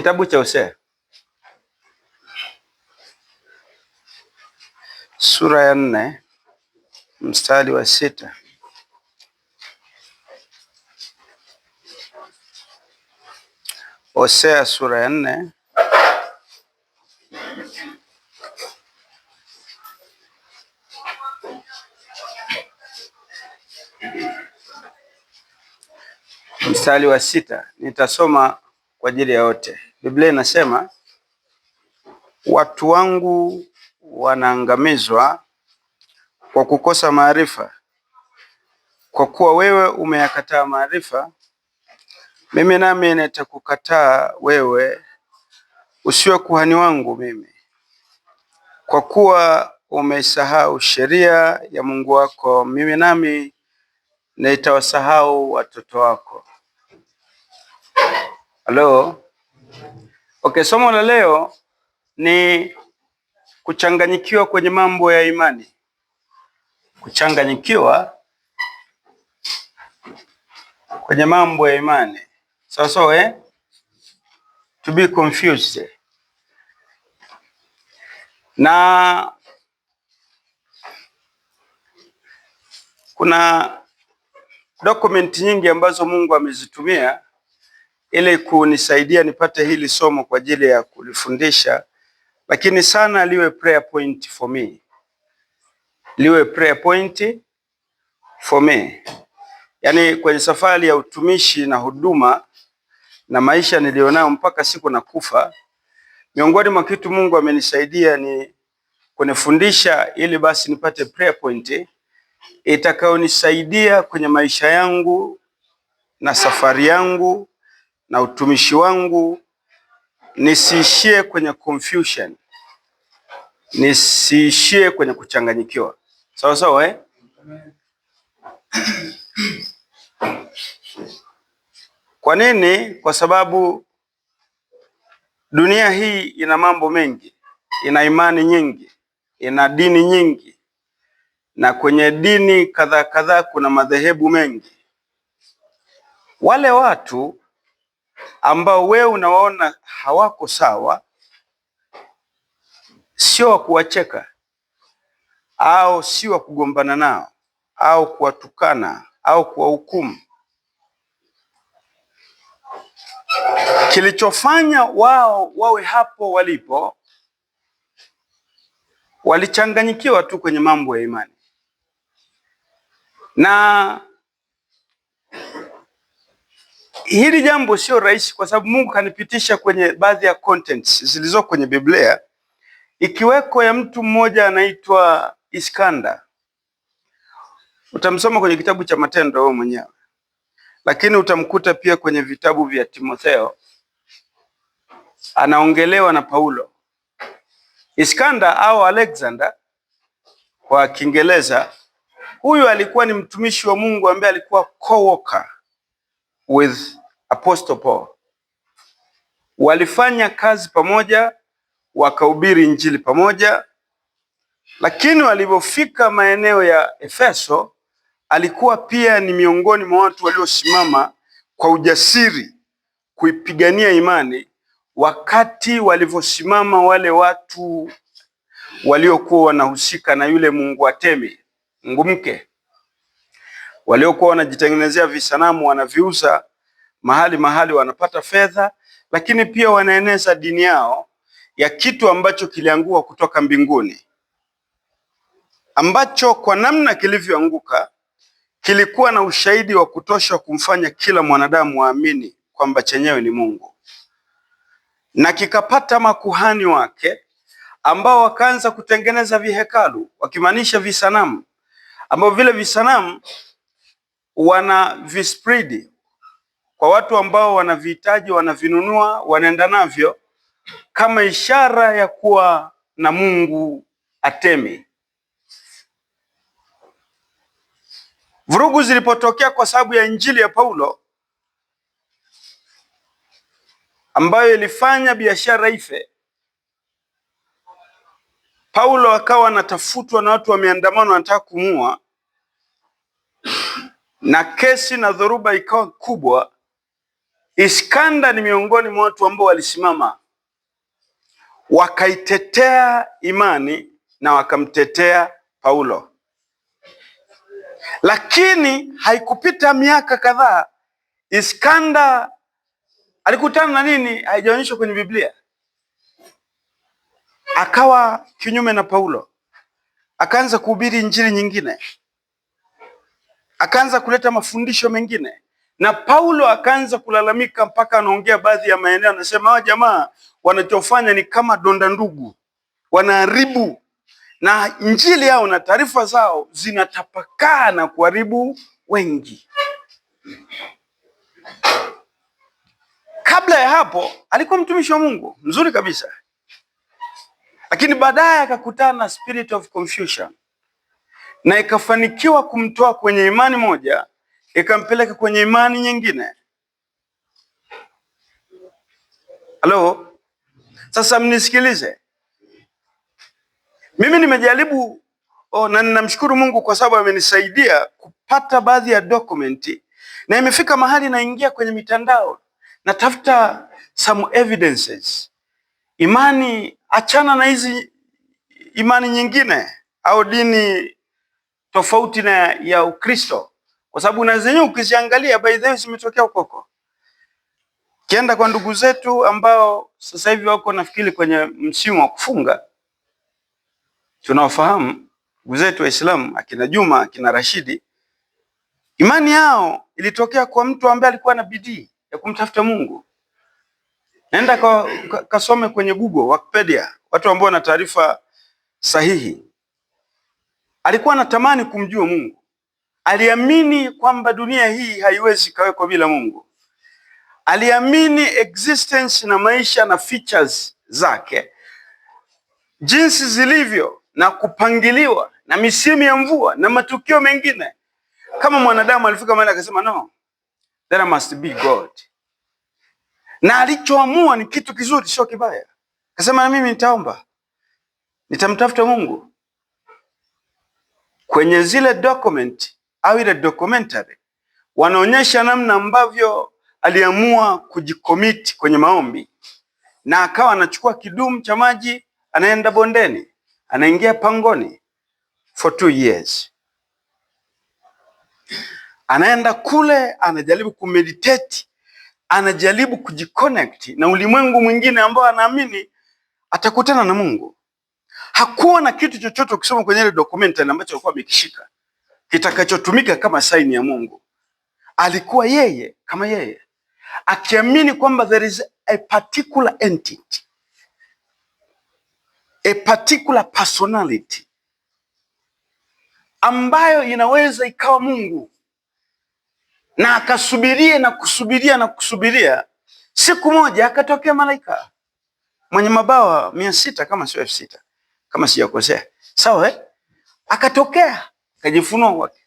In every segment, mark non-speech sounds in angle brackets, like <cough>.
Kitabu cha Hosea sura ya nne mstari wa sita Hosea sura ya nne mstari wa sita nitasoma kwa ajili ya wote. Biblia inasema watu wangu wanaangamizwa kwa kukosa maarifa. Kwa kuwa wewe umeyakataa maarifa, mimi nami nitakukataa wewe, usiwe kuhani wangu mimi. Kwa kuwa umeisahau sheria ya Mungu wako, mimi nami nitawasahau watoto wako. Halo. Okay, somo la leo ni kuchanganyikiwa kwenye mambo ya imani. Kuchanganyikiwa kwenye mambo ya imani. Sawa sawa, eh? To be confused. Na kuna dokumenti nyingi ambazo Mungu amezitumia ili kunisaidia nipate hili somo kwa ajili ya kulifundisha, lakini sana liwe prayer point for me, liwe prayer point for me. Yaani kwenye safari ya utumishi na huduma na maisha nilionayo mpaka siku na kufa, miongoni mwa kitu Mungu amenisaidia ni kunifundisha ili basi nipate prayer point itakayonisaidia kwenye maisha yangu na safari yangu na utumishi wangu nisiishie kwenye confusion, nisiishie kwenye kuchanganyikiwa. Sawa sawa, eh? <clears throat> Kwa nini? Kwa sababu dunia hii ina mambo mengi, ina imani nyingi, ina dini nyingi, na kwenye dini kadhaa kadhaa kuna madhehebu mengi. Wale watu ambao wewe unawaona hawako sawa, sio wa kuwacheka au si wa kugombana nao au kuwatukana au kuwahukumu. Kilichofanya wao wawe hapo walipo, walichanganyikiwa tu kwenye mambo ya imani na hili jambo sio rahisi, kwa sababu Mungu kanipitisha kwenye baadhi ya contents zilizo kwenye Biblia, ikiweko ya mtu mmoja anaitwa Iskanda. Utamsoma kwenye kitabu cha Matendo wewe mwenyewe, lakini utamkuta pia kwenye vitabu vya Timotheo, anaongelewa na Paulo. Iskanda au Alexander kwa Kiingereza, huyu alikuwa ni mtumishi wa Mungu ambaye alikuwa co-worker with Apostle Paul. Walifanya kazi pamoja, wakahubiri injili pamoja, lakini walipofika maeneo ya Efeso, alikuwa pia ni miongoni mwa watu waliosimama kwa ujasiri kuipigania imani, wakati walivyosimama wale watu waliokuwa wanahusika na yule mungu atemi mungu mke waliokuwa wanajitengenezea visanamu wanaviuza mahali mahali wanapata fedha, lakini pia wanaeneza dini yao ya kitu ambacho kilianguka kutoka mbinguni, ambacho kwa namna kilivyoanguka kilikuwa na ushahidi wa kutosha kumfanya kila mwanadamu waamini kwamba chenyewe ni Mungu, na kikapata makuhani wake ambao wakaanza kutengeneza vihekalu, wakimaanisha visanamu, ambao vile visanamu wana vispridi kwa watu ambao wanavihitaji, wanavinunua, wanaenda navyo kama ishara ya kuwa na Mungu atemi. Vurugu zilipotokea kwa sababu ya injili ya Paulo ambayo ilifanya biashara ife, Paulo akawa anatafutwa na watu wa miandamano, wanataka kumua, na kesi na dhoruba ikawa kubwa Iskanda ni miongoni mwa watu ambao walisimama wakaitetea imani na wakamtetea Paulo, lakini haikupita miaka kadhaa, Iskanda alikutana na nini? Haijaonyeshwa kwenye Biblia. Akawa kinyume na Paulo, akaanza kuhubiri injili nyingine, akaanza kuleta mafundisho mengine na Paulo akaanza kulalamika mpaka anaongea baadhi ya maeneo, anasema hawa jamaa wanachofanya ni kama donda ndugu, wanaharibu na injili yao na taarifa zao zinatapakaa na kuharibu wengi. Kabla ya hapo alikuwa mtumishi wa Mungu mzuri kabisa, lakini baadaye akakutana na spirit of confusion na ikafanikiwa kumtoa kwenye imani moja ikampeleka kwenye imani nyingine. Halo, sasa mnisikilize mimi, nimejaribu oh, na ninamshukuru Mungu kwa sababu amenisaidia kupata baadhi ya dokumenti, na imefika mahali naingia kwenye mitandao natafuta some evidences imani, achana na hizi imani nyingine au dini tofauti na ya Ukristo kwa sababu na zenyewe ukiziangalia by the way zimetokea huko. Kienda kwa ndugu zetu ambao sasa hivi wako nafikiri kwenye msimu wa kufunga, tunaofahamu ndugu zetu Waislamu akina Juma akina Rashidi, imani yao ilitokea kwa mtu ambaye alikuwa na bidii ya kumtafuta Mungu. Naenda kwa, kasome kwenye Google, Wikipedia, watu ambao wana taarifa sahihi. Alikuwa anatamani kumjua Mungu aliamini kwamba dunia hii haiwezi kawekwa bila Mungu. Aliamini existence na maisha na features zake jinsi zilivyo na kupangiliwa na misimu ya mvua na matukio mengine. Kama mwanadamu alifika mahali akasema, no there must be God, na alichoamua ni kitu kizuri, sio kibaya. Akasema, na mimi nitaomba, nitamtafuta Mungu kwenye zile document au ile documentary wanaonyesha namna ambavyo aliamua kujikomiti kwenye maombi na akawa anachukua kidumu cha maji, anaenda bondeni, anaingia pangoni for two years, anaenda kule, anajaribu kumeditate, anajaribu kujiconnect na ulimwengu mwingine ambao anaamini atakutana na Mungu. Hakuwa na kitu chochote ukisoma kwenye ile documentary ambacho alikuwa amekishika kitakachotumika kama saini ya Mungu. Alikuwa yeye kama yeye akiamini kwamba there is a particular entity, a particular personality ambayo inaweza ikawa Mungu, na akasubiria na kusubiria na kusubiria. Siku moja akatokea malaika mwenye mabawa mia sita kama sio elfu sita kama sijakosea, sawa eh? Akatokea kajifunua kwake,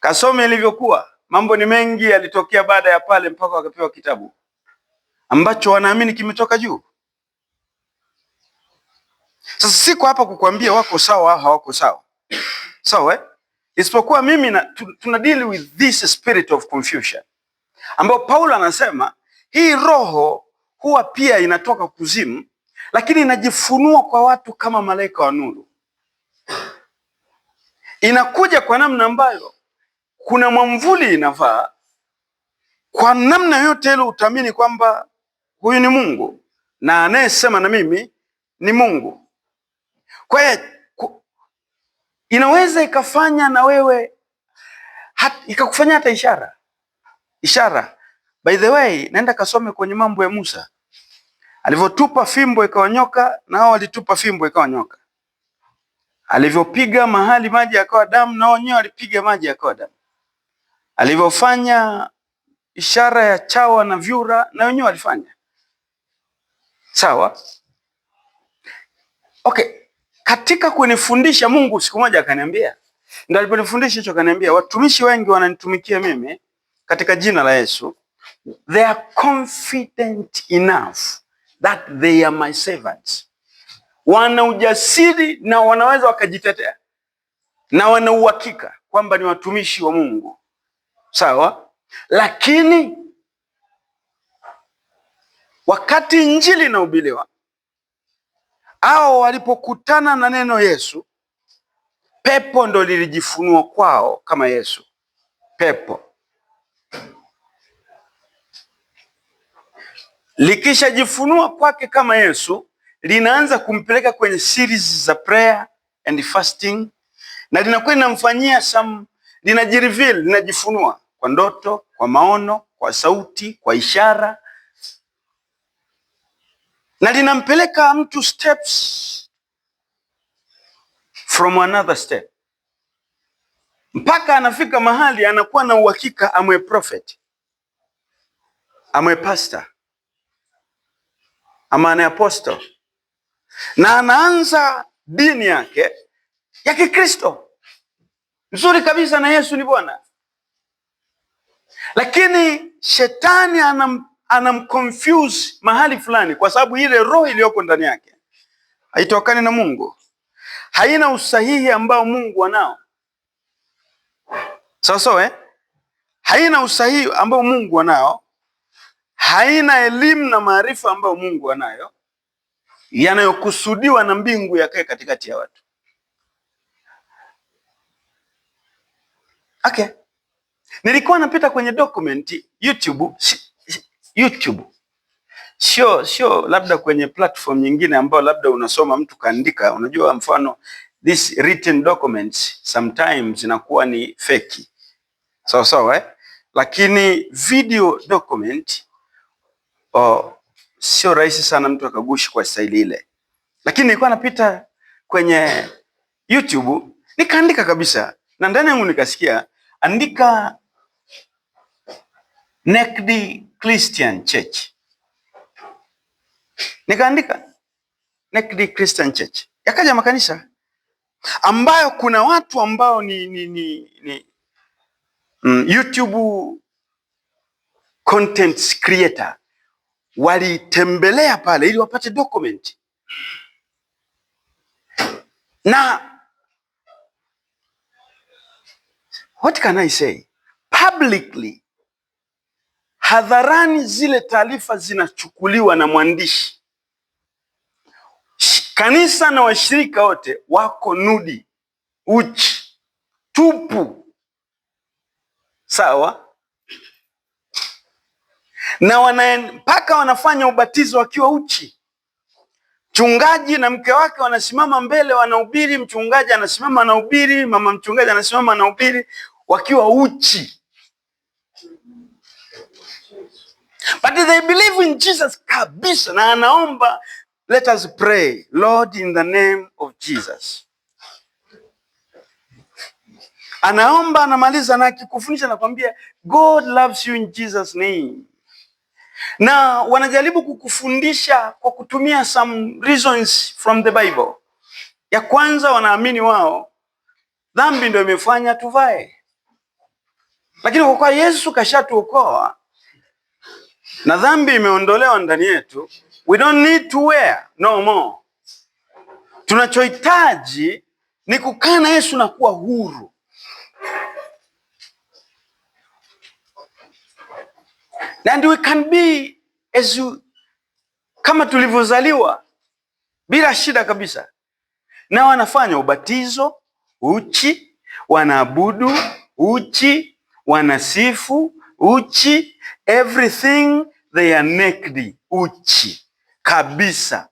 kasome ilivyokuwa. Mambo ni mengi yalitokea baada ya pale, mpaka wakapewa kitabu ambacho wanaamini kimetoka juu. Sasa siko hapa kukuambia wako sawa au hawako sawa, sawa eh? Isipokuwa mimi na, tuna deal with this spirit of confusion ambao Paulo anasema hii roho huwa pia inatoka kuzimu, lakini inajifunua kwa watu kama malaika wa nuru inakuja kwa namna ambayo kuna mwamvuli inavaa kwa namna yote ile, utaamini kwamba huyu ni Mungu na anayesema na mimi ni Mungu. Kwa hiyo inaweza ikafanya na wewe hat, ikakufanya hata ishara ishara. By the way, naenda kasome kwenye mambo ya Musa alivyotupa fimbo ikawa nyoka, na hao walitupa fimbo ikawa nyoka. Alivyopiga mahali maji yakawa damu, na wenyewe walipiga maji yakawa damu. Alivyofanya ishara ya chawa na vyura, na wenyewe walifanya sawa. Okay, katika kunifundisha Mungu siku moja akaniambia, ndio aliponifundisha hicho, akaniambia watumishi wengi wananitumikia mimi katika jina la Yesu, they are confident enough that they are my servants wana ujasiri na wanaweza wakajitetea na wana uhakika kwamba ni watumishi wa Mungu, sawa. Lakini wakati injili inahubiriwa au walipokutana na neno Yesu, pepo ndo lilijifunua kwao kama Yesu. Pepo likishajifunua kwake kama Yesu linaanza kumpeleka kwenye series za prayer and fasting, na linakuwa linamfanyia some, linajireveal, linajifunua kwa ndoto, kwa maono, kwa sauti, kwa ishara, na linampeleka mtu steps from another step mpaka anafika mahali anakuwa na uhakika amwe prophet amwe pastor ama anaye apostle na anaanza dini yake ya Kikristo nzuri kabisa, na Yesu ni Bwana, lakini shetani anam, anamconfuse mahali fulani, kwa sababu ile roho iliyoko ndani yake haitokani na Mungu, haina usahihi ambao Mungu anao sawasawa, eh? haina usahihi ambao Mungu anao, haina elimu na maarifa ambayo Mungu anayo yanayokusudiwa na mbingu yakae katikati ya watu. Okay. Nilikuwa napita kwenye document YouTube, YouTube. Sio sio labda kwenye platform nyingine ambayo labda unasoma mtu kaandika, unajua mfano this written documents sometimes inakuwa ni feki. Sawa sawa eh? Lakini video document oh, sio rahisi sana mtu akagushi kwa staili ile, lakini nilikuwa napita kwenye YouTube nikaandika kabisa, na ndani yangu nikasikia andika Naked Christian Church, nikaandika Naked Christian Church, yakaja makanisa ambayo kuna watu ambao ni, ni, ni, ni mm, YouTube content creator walitembelea pale ili wapate dokumenti na what can I say publicly, hadharani zile taarifa zinachukuliwa na mwandishi. Kanisa na washirika wote wako nudi, uchi, tupu, sawa na wana mpaka wanafanya ubatizo wakiwa uchi. Mchungaji na mke wake wanasimama mbele, wanahubiri. Mchungaji anasimama anahubiri, mama mchungaji anasimama anahubiri wakiwa uchi. But they believe in Jesus kabisa, na anaomba let us pray Lord in the name of Jesus. Anaomba anamaliza, na akikufundisha anakwambia God loves you in Jesus name na wanajaribu kukufundisha kwa kutumia some reasons from the Bible. Ya kwanza, wanaamini wao dhambi ndio imefanya tuvae, lakini kwa kuwa Yesu kashatuokoa na dhambi imeondolewa ndani yetu, we don't need to wear no more. Tunachohitaji ni kukaa na Yesu na kuwa huru. And we can be as you, kama tulivyozaliwa bila shida kabisa, na wanafanya ubatizo uchi, wanaabudu uchi, wanasifu uchi, everything they are naked, uchi kabisa.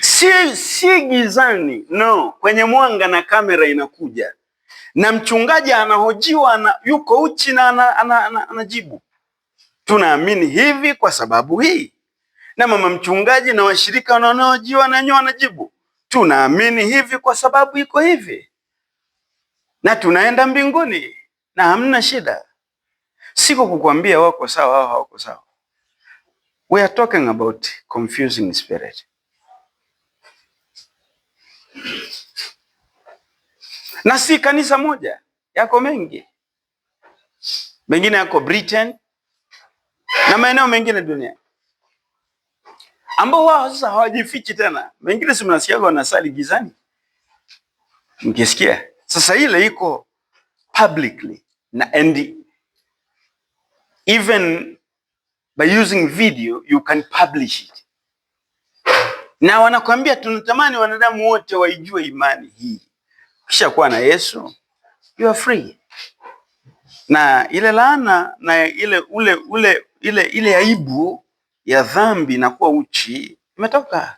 Si, si gizani, no, kwenye mwanga na kamera inakuja na mchungaji anahojiwa na yuko uchi na anajibu ana, tunaamini hivi kwa sababu hii, na mama mchungaji na washirika wanaohojiwa nanyewe wanajibu tunaamini hivi kwa sababu iko hivi, na tunaenda mbinguni na hamna shida. Siko kukwambia wako sawa au hawako sawa. We are talking about confusing spirit na si kanisa moja, yako mengi, mengine yako Britain na maeneo mengine duniani, ambao wao sasa hawajifichi tena. Mengine si mnasikiaga wanasali gizani, mkisikia sasa, ile iko publicly na and even by using video you can publish it, na wanakwambia tunatamani wanadamu wote waijue imani hii. Kisha kuwa na Yesu you are free. Na ile laana na ile ule ule ile ile aibu ya dhambi na kuwa uchi imetoka.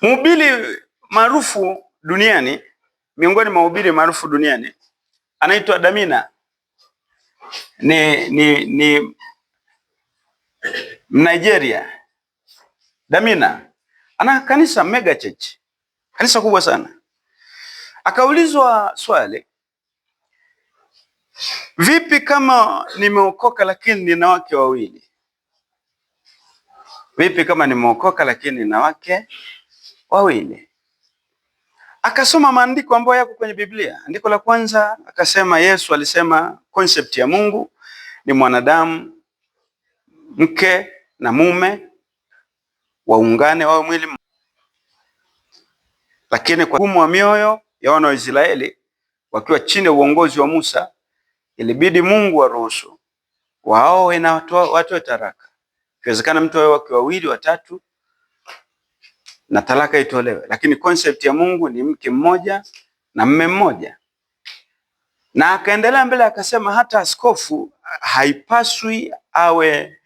Mhubiri maarufu duniani, miongoni mwa mhubiri maarufu duniani anaitwa Damina. Ni ni ni Nigeria. Damina ana kanisa mega church, kanisa kubwa sana. Akaulizwa swali, vipi kama nimeokoka lakini nina wake wawili? Vipi kama nimeokoka lakini nina wake wawili? Akasoma maandiko ambayo yako kwenye Biblia. Andiko la kwanza akasema, Yesu alisema concept ya Mungu ni mwanadamu mke na mume waungane wawe mwili. Lakini kwa ugumu wa mioyo ya wana wa Israeli wakiwa chini ya uongozi wa Musa, ilibidi Mungu aruhusu waoe na watoe taraka. Ikiwezekana mtu awe wake wawili watatu na talaka itolewe, lakini concept ya Mungu ni mke mmoja na mme mmoja. Na akaendelea mbele akasema, hata askofu haipaswi awe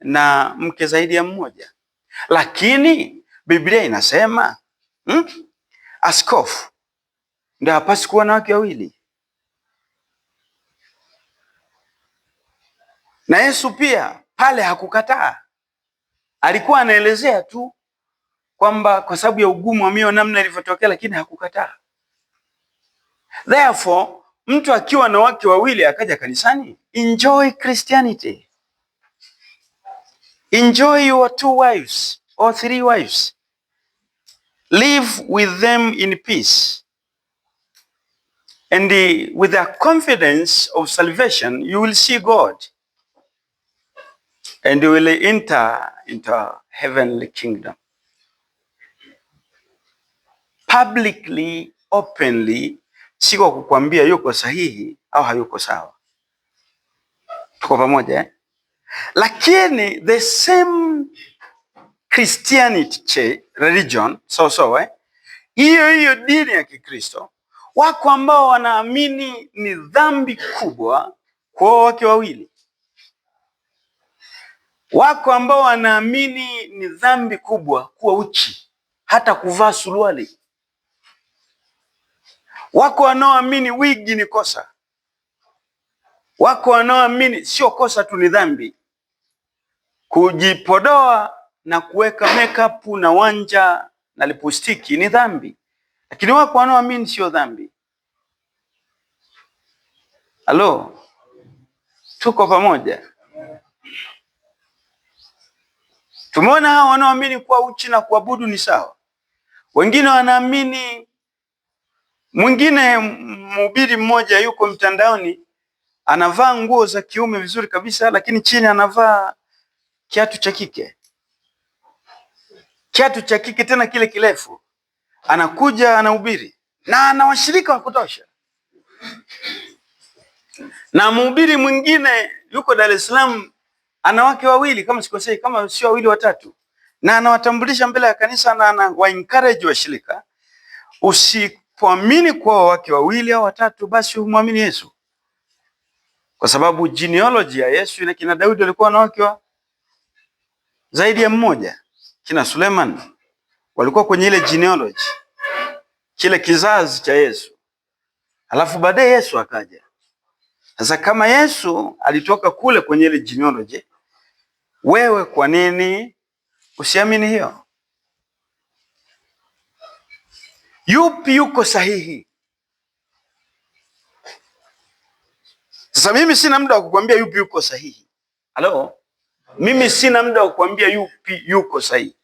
na mke zaidi ya mmoja. Lakini Biblia inasema hmm, askofu ndio hapasi kuwa na wake wawili, na Yesu pia pale hakukataa, alikuwa anaelezea tu kwamba kwa sababu ya ugumu wa mioyo namna ilivyotokea, lakini hakukataa. Therefore, mtu akiwa na wake wawili akaja kanisani, enjoy Christianity. Enjoy your two wives or three wives. Live with them in peace. And the, uh, with the confidence of salvation, you will see God. And you will enter into heavenly kingdom. Publicly, openly, si kwa kukwambia yuko sahihi au hayuko sawa. Tuko pamoja eh? Lakini the same Christianity religion so so eh, hiyo hiyo dini ya Kikristo, wako ambao wanaamini ni dhambi kubwa kuoa wake wawili, wako ambao wanaamini ni dhambi kubwa kuwa uchi, hata kuvaa suruali, wako wanaoamini wigi ni kosa, wako wanaoamini sio kosa tu, ni dhambi. Kujipodoa na kuweka makeup na wanja na lipustiki ni dhambi, lakini wako wanaoamini sio dhambi. Halo, tuko pamoja? Tumeona hao wanaoamini kuwa uchi na kuabudu ni sawa. Wengine wanaamini. Mwingine mhubiri mmoja yuko mtandaoni, anavaa nguo za kiume vizuri kabisa, lakini chini anavaa kiatu cha kike, kiatu cha kike tena kile kirefu. Anakuja anahubiri na ana washirika wa kutosha, na mhubiri mwingine yuko Dar es Salaam ana wake wawili kama sikosei, kama sio wawili watatu, na anawatambulisha mbele ya kanisa na ana wa encourage washirika. Usipoamini kwa wake wawili au watatu, basi humwamini Yesu, kwa sababu genealogy ya Yesu na kina Daudi walikuwa na wake wa zaidi ya mmoja, kina Suleman walikuwa kwenye ile genealogy, kile kizazi cha Yesu, alafu baadaye Yesu akaja. Sasa kama Yesu alitoka kule kwenye ile genealogy, wewe kwa nini usiamini hiyo? Yupi yuko sahihi? Sasa mimi sina muda wa kukwambia yupi yuko sahihi. Halo? Mimi sina muda wa kukwambia yupi yuko sahihi.